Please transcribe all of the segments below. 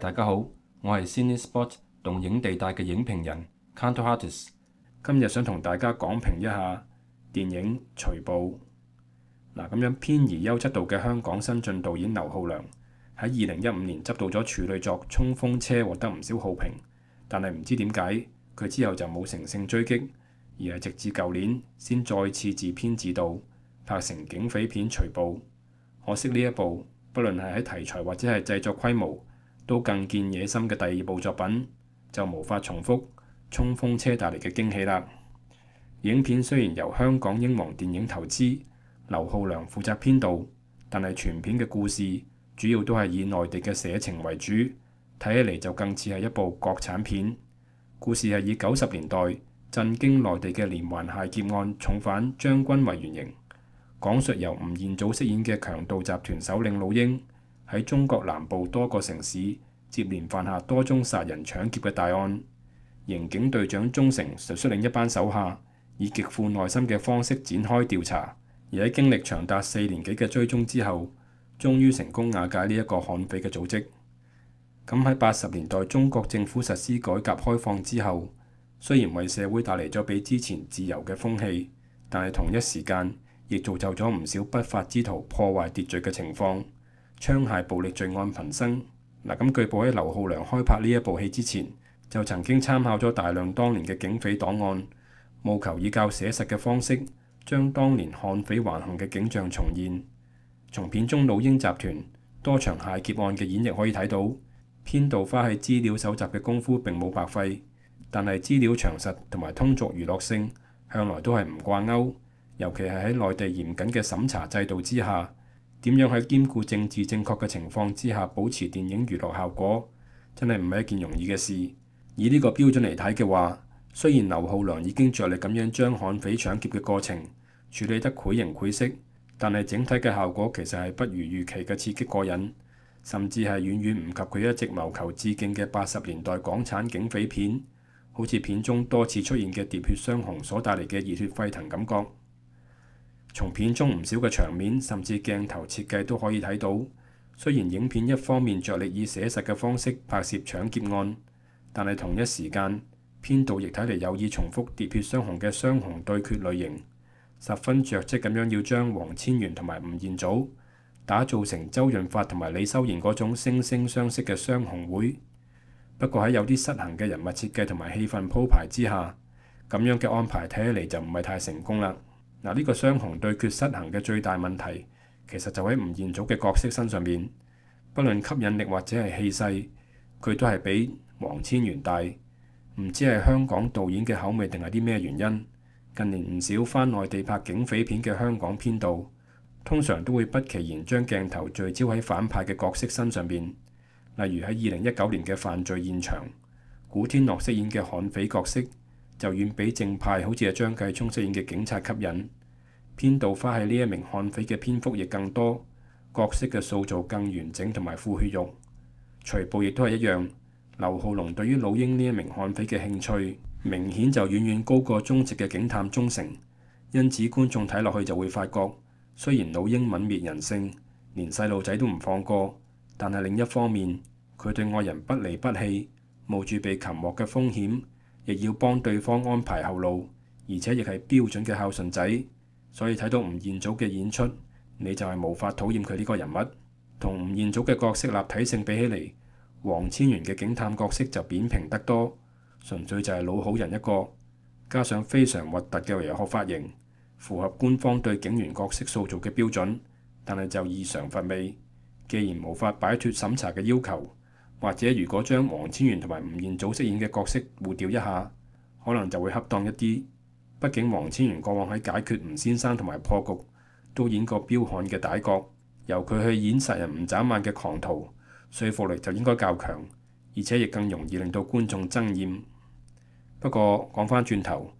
大家好，我係 CineSpot 動映地帶嘅影評人 Kantorates，今日想同大家講評一下電影《除暴》嗱。咁樣偏移優質度嘅香港新進導演劉浩良喺二零一五年執導咗處女作《衝鋒車》，獲得唔少好評，但係唔知點解佢之後就冇乘勝追擊，而係直至舊年先再次自編自導拍成警匪片《除暴》。可惜呢一部，不論係喺題材或者係製作規模，都更見野心嘅第二部作品就無法重複《衝鋒車》帶嚟嘅驚喜啦。影片雖然由香港英皇電影投資，劉浩良負責編導，但係全片嘅故事主要都係以內地嘅寫情為主，睇起嚟就更似係一部國產片。故事係以九十年代震驚內地嘅連環械劫案重返張軍為原型，講述由吳彥祖飾演嘅強盜集團首領老鷹。喺中國南部多個城市接連犯下多宗殺人搶劫嘅大案，刑警隊長鐘誠就率領一班手下以極富耐心嘅方式展開調查，而喺經歷長達四年幾嘅追蹤之後，終於成功瓦解呢一個悍匪嘅組織。咁喺八十年代中國政府實施改革開放之後，雖然為社會帶嚟咗比之前自由嘅風氣，但係同一時間亦造就咗唔少不法之徒破壞秩序嘅情況。槍械暴力罪案頻生嗱，咁據報喺劉浩良開拍呢一部戲之前，就曾經參考咗大量當年嘅警匪檔案，務求以較寫實嘅方式將當年悍匪橫行嘅景象重現。從片中老鷹集團多場械劫案嘅演繹可以睇到，編導花喺資料搜集嘅功夫並冇白費。但係資料詳實同埋通俗娛樂性向來都係唔掛鈎，尤其係喺內地嚴謹嘅審查制度之下。點樣喺兼顧政治正確嘅情況之下，保持電影娛樂效果，真係唔係一件容易嘅事。以呢個標準嚟睇嘅話，雖然劉浩良已經著力咁樣將悍匪搶劫嘅過程處理得繪形繪色，但係整體嘅效果其實係不如預期嘅刺激過癮，甚至係遠遠唔及佢一直謀求致敬嘅八十年代港產警匪片，好似片中多次出現嘅喋血雙雄所帶嚟嘅熱血沸騰感覺。從片中唔少嘅場面，甚至鏡頭設計都可以睇到。雖然影片一方面着力以寫實嘅方式拍攝搶劫案，但係同一時間編導亦睇嚟有意重複喋血雙雄嘅雙雄對決類型，十分着跡咁樣要將黃千源同埋吳彥祖打造成周潤發同埋李修賢嗰種惺惺相惜嘅雙雄會。不過喺有啲失衡嘅人物設計同埋氣氛鋪排之下，咁樣嘅安排睇起嚟就唔係太成功啦。嗱，呢個雙雄對決失衡嘅最大問題，其實就喺吳彥祖嘅角色身上邊。不論吸引力或者係氣勢，佢都係比王千源大。唔知係香港導演嘅口味定係啲咩原因？近年唔少返內地拍警匪片嘅香港編導，通常都會不其然將鏡頭聚焦喺反派嘅角色身上邊。例如喺二零一九年嘅《犯罪現場》，古天樂飾演嘅悍匪角色。就遠比正派好似係張繼聰飾演嘅警察吸引。編導花喺呢一名悍匪嘅篇幅亦更多，角色嘅塑造更完整同埋富血肉。《除暴》亦都係一樣。劉浩良對於老鷹呢一名悍匪嘅興趣，明顯就遠遠高過忠直嘅警探鍾誠。因此觀眾睇落去就會發覺，雖然老鷹泯滅人性，連細路仔都唔放過，但係另一方面，佢對愛人不離不棄，冒住被擒獲嘅風險。亦要幫對方安排後路，而且亦係標準嘅孝順仔，所以睇到吳彥祖嘅演出，你就係無法討厭佢呢個人物。同吳彥祖嘅角色立體性比起嚟，王千源嘅警探角色就扁平得多，純粹就係老好人一個，加上非常核突嘅人客髮型，符合官方對警員角色塑造嘅標準，但係就異常乏味，既然無法擺脱審查嘅要求。或者如果將王千源同埋吳彥祖飾演嘅角色互調一下，可能就會恰當一啲。畢竟王千源過往喺解決吳先生同埋破局都演過彪悍嘅大角，由佢去演殺人唔眨眼嘅狂徒，説服力就應該較強，而且亦更容易令到觀眾憎厭。不過講返轉頭，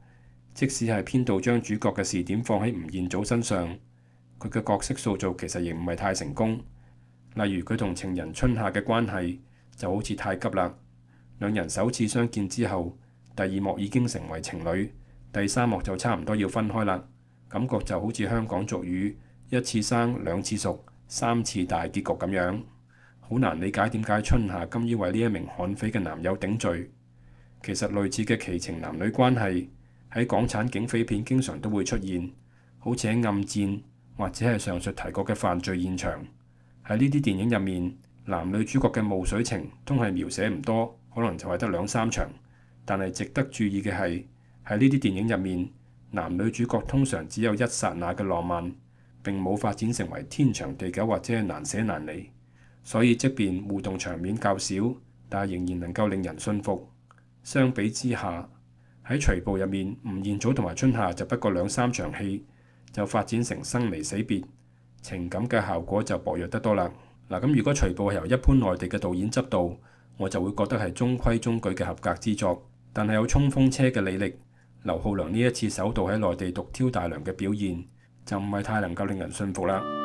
即使係編導將主角嘅視點放喺吳彥祖身上，佢嘅角色塑造其實亦唔係太成功。例如佢同情人春夏嘅關係。就好似太急啦！兩人首次相見之後，第二幕已經成為情侶，第三幕就差唔多要分開啦。感覺就好似香港俗語：一次生，兩次熟，三次大結局咁樣。好難理解點解春夏甘於為呢一名悍匪嘅男友頂罪。其實類似嘅奇情男女關係喺港產警匪片經常都會出現，好似喺《暗戰》或者係上述提過嘅犯罪現場。喺呢啲電影入面，男女主角嘅霧水情通常描寫唔多，可能就係得兩三場。但係值得注意嘅係喺呢啲電影入面，男女主角通常只有一剎那嘅浪漫，並冇發展成為天長地久或者係難捨難離。所以即便互動場面較少，但係仍然能夠令人信服。相比之下，喺《除暴》入面，吳彥祖同埋春夏就不過兩三場戲就發展成生離死別，情感嘅效果就薄弱得多啦。嗱，咁如果除暴係由一般內地嘅導演執導，我就會覺得係中規中矩嘅合格之作，但係有衝鋒車嘅履歷，劉浩良呢一次首度喺內地獨挑大梁嘅表現，就唔係太能夠令人信服啦。